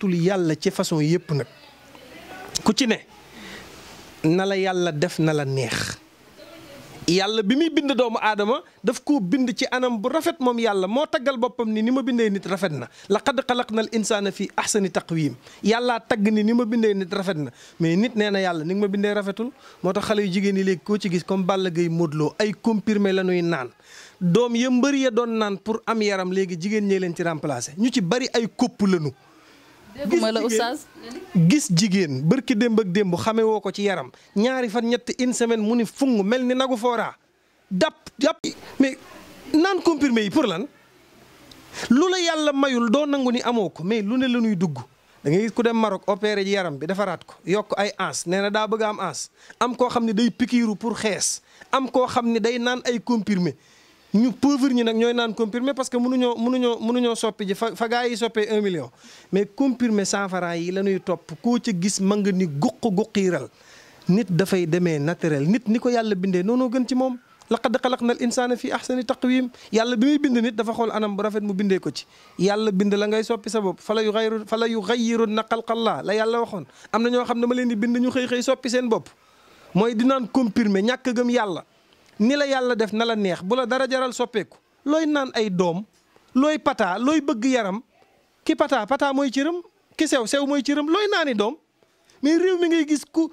santul yàlla ci façon yëpp nag ku ci ne na la yàlla def na la neex yàlla bi muy bind doomu aadama daf koo bind ci anam bu rafet moom yàlla moo taggal boppam ni ni ma bindee nit rafet na laqad xalaqna al insaana fi ahsani taqwiim yàllaa tagg ni ni ma bindee nit rafet na mais nit nee na yàlla ni nga ma bindee rafetul moo tax xale yu jigéen yi léegi koo ci gis comme Balla gay Modou Lo ay comprimé la ñuy naan doom ya mbër ya doon naan pour am yaram léegi jigéen ñee leen ci remplacer ñu ci bari ay kopp lañu gis jigéen bërki démb ak démb xame ko ci yaram ñaari fan ñett une semaine mu ni fung mel ni nagu foora dap dap mais naan comprimé yi pour lan lu la yàlla mayul doo nangu ni amoo ko mais lu ne la ñuy dugg da ngay gis ku dem marok opéré ji yaram bi defaraat ko yokk ay ans nee na daa bëgg am ans am koo xam ne day pikiiru pour xees am koo xam ne day naan ay comprimé ñu pauvre ñi nag ñooy naan comprimé parce que mënuñoo mënuñoo mënuñoo soppi ji fa fa gaa yi soppee un million mais comprimé cent yi la ñuy topp koo ci gis mën nga ni guq guqiiral nit dafay demee naturel nit ni ko yàlla bindee noonu gën ci moom laqad xalaqna al insana i taq taqwim yàlla bi muy bind nit dafa xool anam bu rafet mu bindee ko ci yàlla bind la ngay soppi sa bopp fa la yu xayru fa la yu xayiru na xalqallaa la yàlla waxoon am na ñoo xam ne ma leen di bind ñu xëy xëy soppi seen bopp mooy dinaan comprimé ñàkk gëm yàlla ni la yàlla def na la neex bu la dara jaral soppeeku looy naan ay doom looy pataa looy bëgg yaram ki pataa pataa mooy cëram ki sew sew mooy cëram looy naani doom mais réew mi ngay gis ku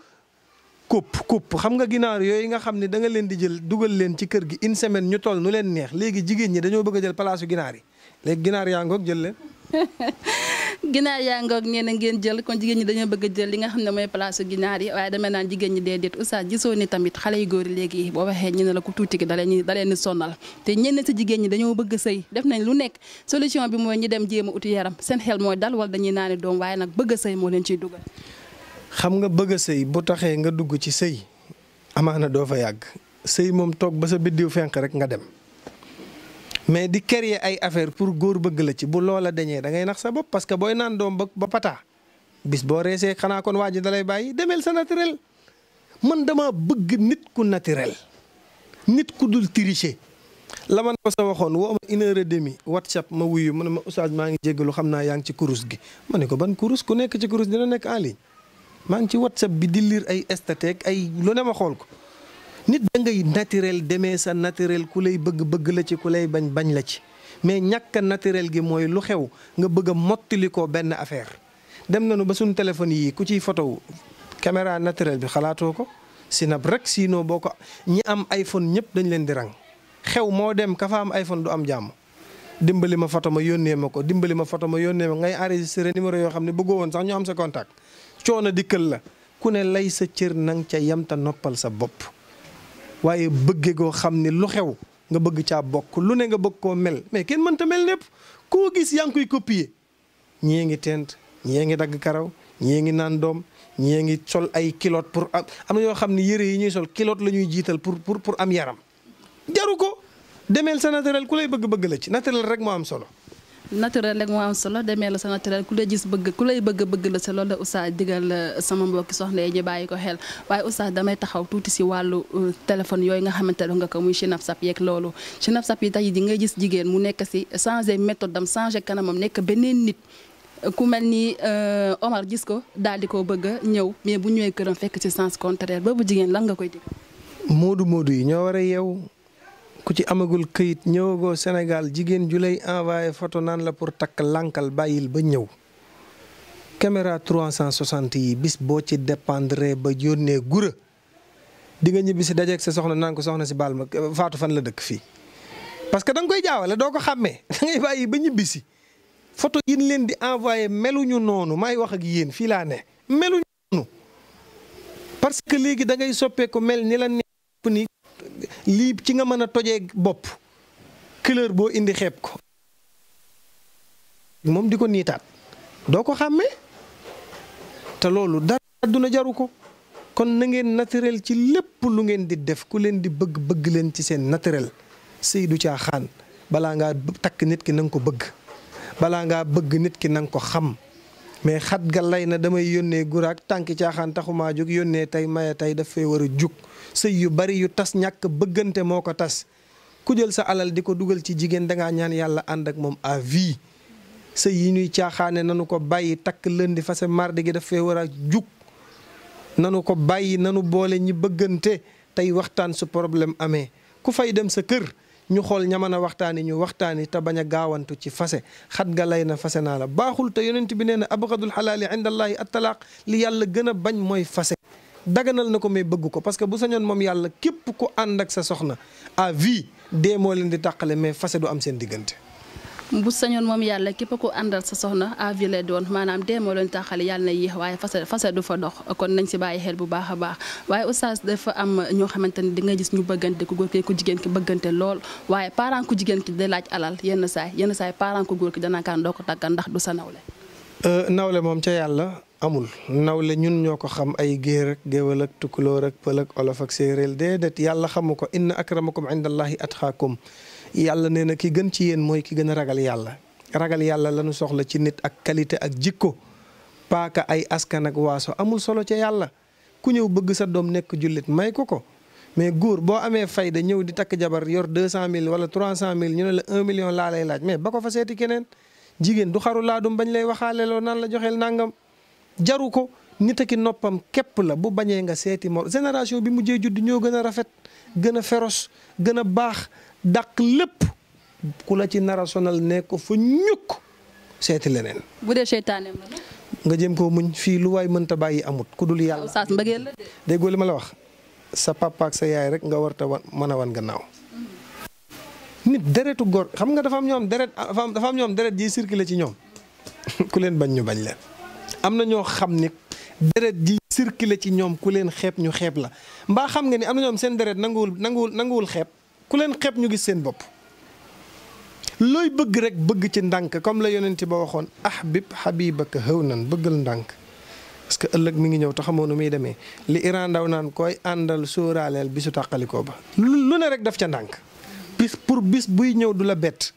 kupp kupp xam nga ginaar yooyu nga xam ne da nga leen di jël dugal leen ci kër gi une semaine ñu toll nu leen neex léegi jigéen ñi dañoo bëgg a jël palaasu ginaar yi léegi ginaar yaa ngoog jël leen ginaar yaa ngoog nee na ngeen jël kon jigéen ñi dañoo bëgg a jël li nga xam ne mooy place ginaar yi waaye dama naan jigéen ñi déedéet oustaz gisoo ni tamit xale yu góor yi léegi boo waxee ñu ne la ku tuuti ki daleen da leen ni sonal te ñenn si jigéen ñi dañoo bëgg sëy def nañ lu nekk solution bi mooy ñu dem jéem a uti yaram seen xel mooy dal wala dañuy naani doom waaye nag bëgg a sëy moo dugal xam nga bëgg a bu taxee nga dugg ci sëy amaana doo fa yàgg sëy moom toog ba sa biddiw fenk rek nga dem mais di créer ay affaire pour góor bëgg la ci bu loola deñee da ngay nax sa bopp parce que booy naan doom ba ba pataa bis boo reesee xanaa kon waa ji da bàyyi demel sa naturel man dama bëgg nit ku naturel nit ku dul tricher. la man ko sa waxoon woo ma une heure et demie whatsapp ma wuyu ma ne ma oustaz maa ngi jéggalu xam naa yaa ngi ci kurus gi ma ne ko ban kurus ku nekk ci kurus dina nekk en ligne maa ngi ci whatsapp bi di liir ay statut ay lu ne ma xool ko. nit da ngay naturel demee sa naturel ku lay bëgg bëgg la ci ku lay bañ bañ la ci mais ñàkk naturel gi mooy lu xew nga bëgg a mottali ko benn affaire dem nañu ba suñu téléphone yii ku ciy photo caméra naturel bi xalaatoo ko sinab rek sinon boo ko ñi am iPhone ñëpp dañ leen di rang xew moo dem ka fa am iPhone du am jàmm dimbali ma foto ma yónnee ma ko dimbali ma photo ma yónnee ma ngay enregistré numéro yoo xam ne bëggoo woon sax ñu am sa contact coono dikkal la ku ne lay sa cër nang ca yem te noppal sa bopp waaye bëgge goo xam ne lu xew nga bëgg caa bokk lu ne nga bëgg koo mel mais kenn mënta mel népp koo gis yaa ngi koy copier ñii ngi teent ñii ngi dagg karaw ñii ngi naan doom ñii ngi sol ay kilote pour am am yoo xam ne yëre yi ñuy sol kilote la ñuy jiital pour pour pour am yaram jaru ko demeel sa naturel ku lay bëgg-bëgg la ci naturel rek moo am solo naturel rek moo am solo demee la sa naturel ku lay gis bëgg ku lay bëgg bëgg la sa loolu la oustaz digal euh, sama mbokki soxna yi ñu bàyyi ko xel waaye oustaz damay taxaw tuuti si wàllu euh, téléphone yooyu nga xamante ne nga ko muy sap yeeg loolu Snapchat yi tey ji ngay gis jigéen mu nekk si euh, changé méthode am changé kanamam nekk beneen nit ku mel ni Omar gis ko daal di ko bëgg ñëw mais bu ñëwee këram fekk ci sens contraire boobu jigéen lan nga koy digal. moodu moodu yi ñoo war a yeewu ku ci amagul kayit ñëwagoo Sénégal jigéen ju lay envoyé photo naan la pour takk lànkal bàyyil ba ñëw cent 360 yi bis boo ci dépendre ba yónnee gura di nga ñibbi si dajeeg sa soxna naan ko soxna si baal ma faatu fan la dëkk fii. parce que da koy jaawale doo ko xàmmee da ngay bàyyi ba ñibbisi si photo yi leen di envoyé meluñu noonu may wax ak yéen fii laa ne meluñu noonu parce que léegi dangay soppeeku mel ni la neex lii ci nga mën a tojee bopp couleur boo indi xeeb ko moom di ko niitaat doo ko xàmmee te loolu dara àdduna jaru ko kon na ngeen naturel ci lépp lu ngeen di def ku leen di bëgg bëgg leen ci seen naturel sëy du caaxaan balaa ngaa takk nit ki na ko bëgg balaa ngaa bëgg nit ki na ko xam mais xat ga lay na damay yónnee guraak tànki caaxaan taxumaa jóg yónnee tey maye tey daf fay war a jug sëy yu bari yu tas ñàkk bëggante moo ko tas ku jël sa alal di ko dugal ci jigéen dangaa ñaan yàlla ànd ak moom à vie sëy yi ñuy caaxaane nanu ko bàyyi takk lëndi fase mardi gi daf fee war a jug nanu ko bàyyi nanu boole ñi bëggante tey waxtaan su problème amee ku fay dem sa kër ñu xool ña mën a waxtaani ñu waxtaani te bañ a gaawantu ci fase xat ga lay na fase naa la baaxul te yonent bi nee na abgadul xalaali indallaahi attalaaq li yàlla gën a bañ mooy fase daganal na ko mais bëgg ko parce que bu sañoon moom yàlla képp ku ànd ak sa soxna à vie dee moo leen di tàqale mais fase du am seen diggante bu sañoon moom yàlla képp ku àndal sa soxna avi lay doon maanaam dee moo leen taxale yàlla na yéex waaye fase fase du fa dox kon nañ si bàyyi xel bu baax a baax waaye oustaz dafa am ñoo xamante ni di nga gis ñu bëggante ku góor ki ku jigéen ki bëggante lool waaye parent ku jigéen ki da laaj alal yenn saay yenn saay parent ku góor ki danakaan doo ko tàggal ndax du sa nawle euh, nawle moom ca yàlla amul nawle ñun ñoo ko xam ay géer ak géwal ak tukulóor ak pël ak olof ak séeréel déedéet yàlla xamu ko inna akramakum indallahi atxaakum yàlla nee na ki gën ci yéen mooy ki gën a ragal yàlla ragal yàlla lañu soxla ci nit ak qualité ak jikko paaka ay askan ak waaso amul solo ca yàlla ku ñëw bëgg sa doom nekk jullit may ko ko mais góor boo amee fayda ñëw di takk jabar yor deux cent mille wala trois cent mille ñu ne la un million laa laaj mais ba ko fa seeti keneen jigéen du xaru laadum bañ lay waxaale loo naan la joxeel nangam jaru ko nit ki noppam képp la bu bañee nga seeti mor génération bi mujjee judd ñoo gën a rafet gën a féroce gën a baax dàq lépp ku la ci nara sonal ne ko fa ñukk seeti leneen. bu dee seytaaneem nga jëm koo muñ fii lu waay mënta bàyyi amut ku dul yàlla. saas mbëggeel la li ma la wax sa papa ak sa yaay rek nga warta wan mën a wan gannaaw. Mhm. nit deretu góor xam nga dafa am ñoom deret dafa am ñoom deret ji ci ñoom ku leen bañ ñu bañ leen am na ñoo xam ni deret ji circulé ci ñoom ku leen xeeb ñu xeeb la mbaa xam nga ni am na ñoom seen deret nanguwul nanguwul nanguwul xeeb ku leen xeeb ñu gis seen bopp looy bëgg rek bëgg ci ndànk comme la yonent ba waxoon ahbib habibaka xëw nan bëggal ndànk parce que ëllëg mi ngi ñëw te xamoo nu muy demee li Iran daw naan koy àndal sóoraaleel bisu tàqalikoo ba lu rek daf ca ndànk bis pour bis buy ñëw du la bett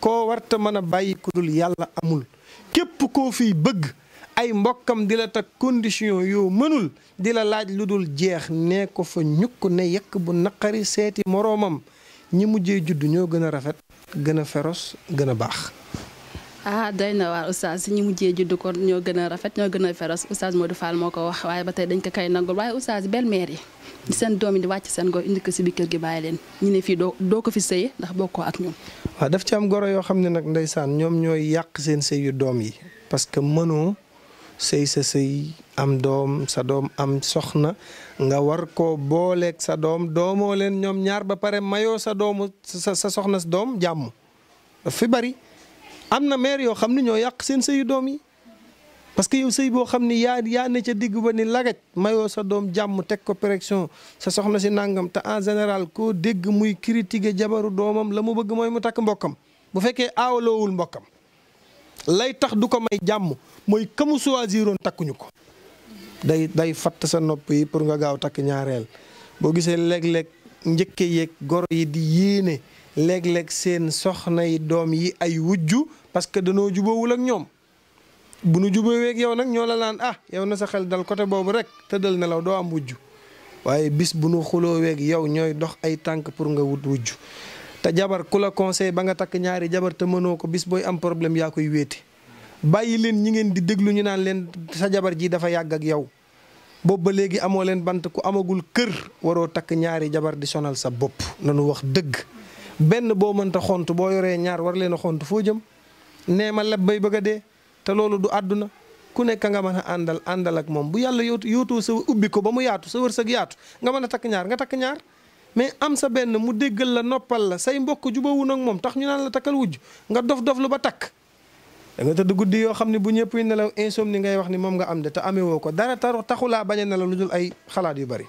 koo warta mën a bàyyi ku yàlla amul képp koo fiy bëgg ay mbokkam di la teg condition yoo mënul di la laaj lu dul jeex ne ko fa ñukk ne yekk bu naqari seeti moroomam ñi mujjee juddu ñoo gën a rafet gën a féroce gën a baax ah doy na waar oustaz ñi mujjee juddu ko ñoo gën a rafet ñoo gën a féroce oustaz Modou moo ko wax waaye ba tey dañ ko kay nangul waaye oustaz belle-mère yi di seen doom yi di wàcc seen gor indi ko si bi kër gi bàyyi leen ñu ne fii doo doo ko fi sëye ndax bokkoo ak ñoom waaw daf ci am goro yoo xam ne nag ndeysaan ñoom ñooy yàq seen sëyu doom yi parce mënoo sëy sa sëy am doom sa doom am soxna nga war koo booleek sa doom doomoo leen ñoom ñaar ba pare mayoo sa doomu sa sa soxna sa doom jàmm fi bari am na mère yoo xam ne ñoo yàq seen sëyu doom yi parce que yow sëy boo xam ni yaa yaa ne ca digg ba ni lagaj mayoo sa doom jàmm teg ko pression sa soxna si nangam te en général koo dégg muy critiquer jabaru doomam la mu bëgg mooy mu takk mbokkam bu fekkee aawaloowul mbokkam lay tax du ko may jàmm mooy kamu choisiroon takkuñu ko day day fatt sa nopp yi pour nga gaaw takk ñaareel boo gisee léeg-léeg njëkke yeeg goro yi di yéene léeg-léeg seen soxna yi doom yi ay wujju parce que danoo juboowul ak ñoom bu nu week yow nag ñoo la laan ah yow na sa xel dal côté boobu rek tëddal nelaw doo am wujju waaye bis bu nu xuloo xulooweeg yow ñooy dox ay tànk pour nga wut wujju te jabar ku la conseil ba nga takk ñaari jabar te mënoo ko bis booy am problème yaa koy wéete bàyyi leen ñi ngeen di déglu ñu naan leen sa jabar ji dafa yàgg ak yow boobu ba léegi amoo leen bant ku amagul kër waroo takk ñaari jabar di sonal sa bopp na nu wax dëgg benn boo mënta xont boo yoree ñaar war leen a xont foo jëm nee ma leb bay bëgg a dee te loolu du àdduna ku nekk nga mën a àndal àndal ak moom bu yàlla yóotu yóotoo sa ubbi ko ba mu yaatu sa wërsëg yaatu nga mën a takk ñaar nga takk ñaar mais am sa benn mu déggal la noppal la say mbokk jubawun ak moom tax ñu naan la takkal wujj nga dof dof lu ba takk da nga tëdd guddi yoo xam ne bu ñëpp yu nelaw ni ngay wax ni moom nga am de te amewoo ko dara taru taxulaa bañ a nelaw lu dul ay xalaat yu bari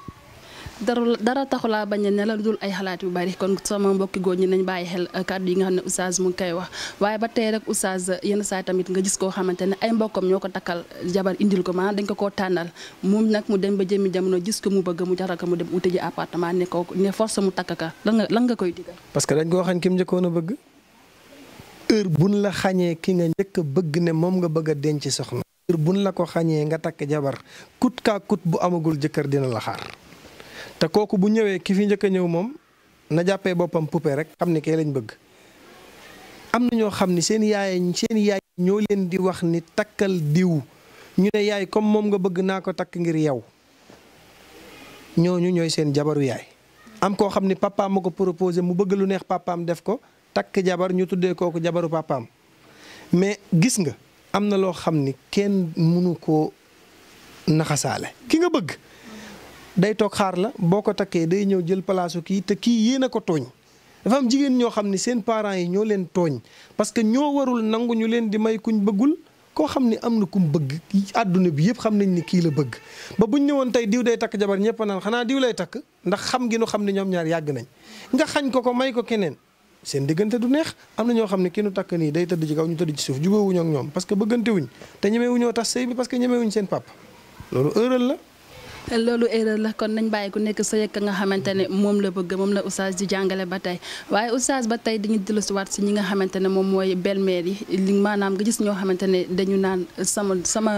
dara dara taxulaa bañ a ne la dul ay xalaat yu bari kon sama mbokki goo ñi nañ bàyyi xel eh, kàddu yi nga xam ne oustaz mu ngi koy wax waaye ba tey rek oustaz eh, yenn saa tamit nga gis koo xamante ne ay mbokkam ñoo ko takkal jabar indil ko maanaam dañ ko koo tànnal moom nag mu dem ba jëmmi jamono gis ko mu bëgg mu jaral ko mu dem uti ji appartement ne ko ne force mu takk ka lan nga lan koy digal parce que dañ koo xañ ki mu njëkkoon a bëgg heure nu la xañee ki nga njëkk bëgg ne moom nga bëgg denc soxna heure nu la ko xañee nga takk jabar kut kaa kut bu amagul jëkkër dina la xaar te kooku bu ñëwee ki fi ñëk ñëw moom na jàppee boppam poupé rek xam ni kay lañ bëgg am na ñoo xam ni seen yaay seen yaay ñoo leen di wax ni takkal diw ñu ne yaay comme moom nga bëgg naa ko takk ngir yow ñooñu ñooy seen jabaru yaay am koo xam ni mako ma ko mu bëgg lu neex papaam def ko takk jabar ñu tuddee kooku jabaru papaam mais gis nga am na loo xam ni kenn mënu koo naxasaale ki nga bëgg day toog xaar la boo ko takkee day ñëw jël palaasu kii te kii yéen ko tooñ dafa am jigéen ñoo xam ne seen parents yi ñoo leen tooñ parce que ñoo warul nangu ñu leen di may kuñ bëggul koo xam ni am na kum bëgg àdduna bi yëpp xam nañ ni kii la bëgg ba buñ woon tey diw day takk jabar ñëpp naan xanaa diw lay takk ndax xam gi nu xam ne ñoom ñaar yàgg nañ nga xañ ko ko may ko keneen seen diggante du neex am na ñoo xam ne ki nu takk nii day tëdd ci ñu ci suuf jubóowuñoo ak ñoom parce que bëggante wuñ te ñemewuñoo tas sëy bi parce que ñemewuñ seen papa loolu erreur la loolu erreur la kon nañ bàyyi ku nekk sa yëkk nga xamante ne moom la bëgg moom la oustaz di jàngale ba tey waaye oustaz ba tey dañu dellusiwaat si ñi nga xamante ne moom mooy belle-mère yi li maanaam nga gis ñoo xamante ne dañu naan sama sama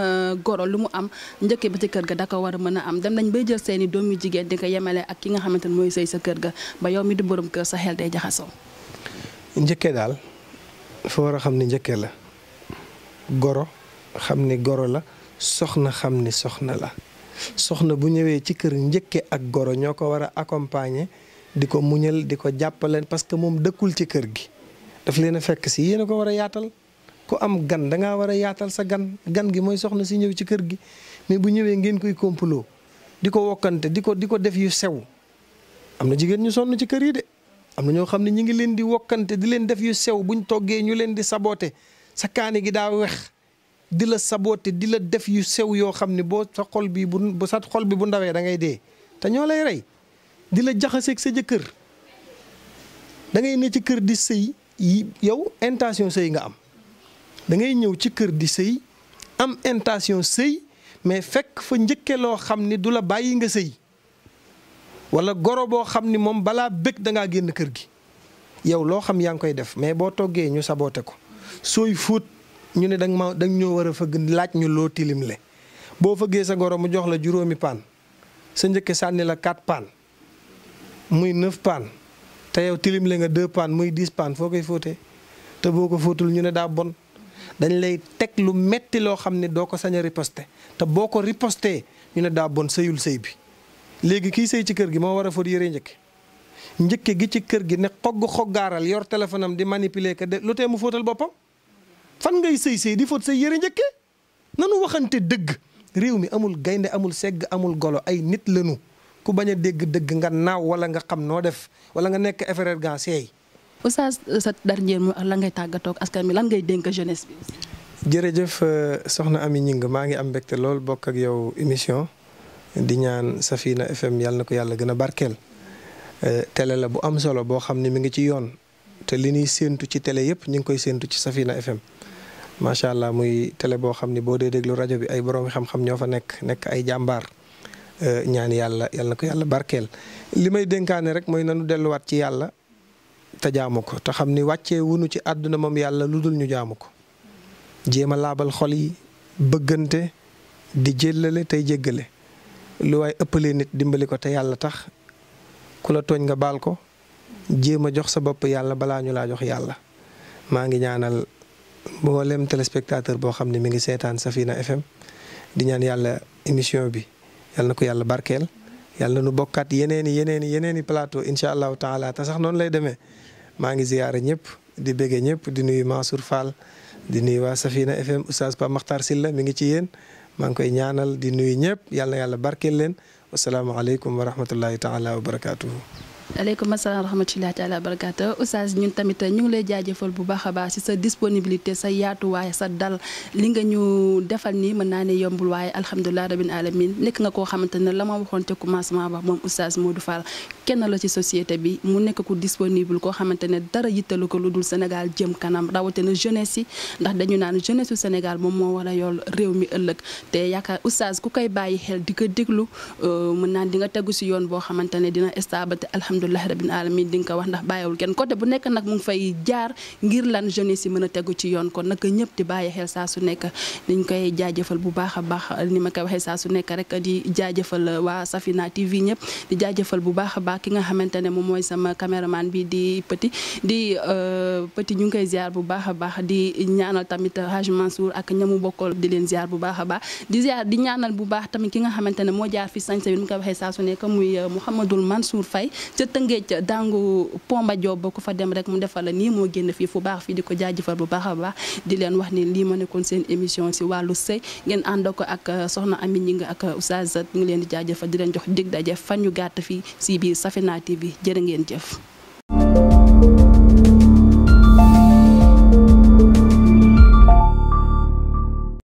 goro lu mu am njëkkee ba ci kër ga da ko war a mën a am dem nañ bay jël seen i doom yu jigéen di ko yemale ak ki nga xamante ne mooy sëy sa kër ga ba yow mi di borom kër sa xel day jaxasoo njëkkee daal dafa war a xam ne njëkkee la goro xam ni goro la soxna xam ni soxna la soxna bu ñëwee ci kër njëkke ak goro ñoo ko war a accompagner di ko muñal di ko jàppaleen parce que moom dëkkul ci kër gi daf leen a fekk si yéen a ko war a yaatal ku am gan da ngaa war a yaatal sa gan gan gi mooy soxna si ñëw ci kër gi mais bu ñëwee ngeen koy kompaloo di ko wokkante di ko di ko def yu sew am na jigéen ñu sonn ci kër yi de am na ñoo xam ne ñu ngi leen di wokkante di leen def yu sew buñ toggee ñu leen di saboté sa kaani gi daa weex di la saboté di la def yu sew yoo xam ne boo sa xol bi bu bu sa xol bi bu ndawee da ngay dee te ñoo lay rey di la jaxaseeg sa jëkkër da ngay ne ci kër di sëy yow intention sëy nga am da ngay ñëw ci kër di sëy am intention sëy mais fekk fa njëkke loo xam ni du la bàyyi nga sëy wala goro boo xam ni moom balaa bëgg da ngaa génn kër gi yow loo xam yaa ngi koy def mais boo toggee ñu saboote ko sooy fóot ñu ne danga ma danga ñoo war a fëgg laaj ñu loo tilimle boo fëggee sa goro mu jox la juróomi paan sa njëkke sànni la 4 paan muy 9 paan te yow tilimle nga 2 paan muy 10 paan foo koy fóotee te boo ko fóotul ñu ne daa bon dañ lay teg lu metti loo xam ne doo ko sañ a riposte te boo ko riposté ñu ne daa bon sëyul sëy bi léegi kii sëy ci kër gi moo war a fóot yëre njëkk njëkke gi ci kër gi ne xogg xoggaaral yor téléphone di manipuler que de lu te mu fóotal boppam fan ngay sëy sëy di fóot sa yére njëkke nanu waxante dëgg réew mi amul gaynde amul segg amul golo ay nit lanu ku bañ a dégg dëgg nga naaw wala nga xam noo def wala nga nekk effraire gan seey oustaz euh, sa dernier mot lan ngay tàggatoo ak askan mi lan ngay dénk jeunesse bi jërëjëf euh, Ami Gningue maa ngi am mbégte lool bokk ak yow émission di ñaan Safina FM yàlla na ko yàlla gën a barkeel euh, tele la bu am solo boo xam ne mu ngi ci yoon te li nuy séentu ci télé yëpp ñu ngi koy séentu ci Safina FM macha allah muy télé boo xam ni boo dee déglu rajo bi ay boroomi xam-xam ñoo fa nekk nekk ay jàmbaar euh, ñaan yàlla yàlla ko yàlla barkeel. li may dénkaane rek mooy nanu delluwaat ci yàlla te jaamu ko te xam ni wàccee wunu ci àdduna moom yàlla lu dul ñu jaamu ko jéem a laabal xol yi bëggante di jéllale tey jéggale lu waay ëppalee nit dimbali ko te yàlla tax ku la tooñ nga baal ko jéem a jox sa bopp yàlla balaa ñu laa jox yàlla maa ngi ñaanal. mboolem téléspectateur boo xam ne mi ngi seetaan Safina FM di ñaan yàlla émission bi yàlla na ko yàlla barkeel yàlla nu bokkaat yeneen i yeneen i yeneen i plateau incha allahu taala ta sax noonu lay demee maa ngi ziyaara ñëpp di bége ñëpp di nuyu Mansour Fall di nuyu waa Safina FM Oustaz Pa Makhtar Sylla mi ngi ci yéen maa ngi koy ñaanal di nuyu ñëpp yàlla yàlla barkeel leen wasalaamualeykum wa rahmatullahi taala wa barakaatuhu. aleykum asalaam rahmatullahi taala barakaatu oustaz ñun tamit ñu ngi lay jaajëfal bu baax a ci sa disponibilité sa yaatuwaay sa dal li nga ñu defal nii mën naa ne yombul waaye alhamdulilah rabbil alamin nekk nga koo xamante ne la ma waxoon ca commencement ba moom oustaz Modou Fall kenn la ci société bi mu nekk ku disponible koo xamante ne dara yittalu ko lu Sénégal jëm kanam rawatina jeunesse yi ndax dañu naan jeunesse Sénégal moom moo war a yool réew mi ëllëg te yaakaar oustaz ku koy bàyyi xel di ko déglu mën naan di nga tegu ci yoon boo xamante dina stable te alhamdulillah rabbil alamin ding ko wax ndax bayawul ken côté bu nek nak mu ngi fay jaar ngir lan jeunesse yi meuna teggu ci yoon kon nak ñepp di baye xel sa su nek niñ koy jaajeufal bu baaxa baax ni ma koy waxe sa su nek rek di jaajeufal wa Safina TV ñepp di jaajeufal bu baaxa baax ki nga xamantene mo moy sama kamera bi di petit di euh, petit ñu ngi koy ziar bu baaxa baax di ñaanal tamit Haj Mansour ak ñamu bokkal di len ziar bu baaxa baax di ziar di ñaanal bu baax tamit ki nga xamantene mo jaar fi sañ bi ni ma koy waxe sa su nek muy euh, Mansour ci Tëngéej dàngu Pomba Diop bokk fa dem rek mu defal la nii moo génn fii fu baax fii di ko jaajëfal bu baax a baax di leen wax ni lii ma nekkoon seen émission si wàllu sëy ngeen ànd ko ak euh, soxna Ami ñi ngi ak euh, Oustaz ñu ngi leen di jaajëfal di leen jox dig daje fan ñu gàtt fii si biir Safina TV jërë ngeen jëf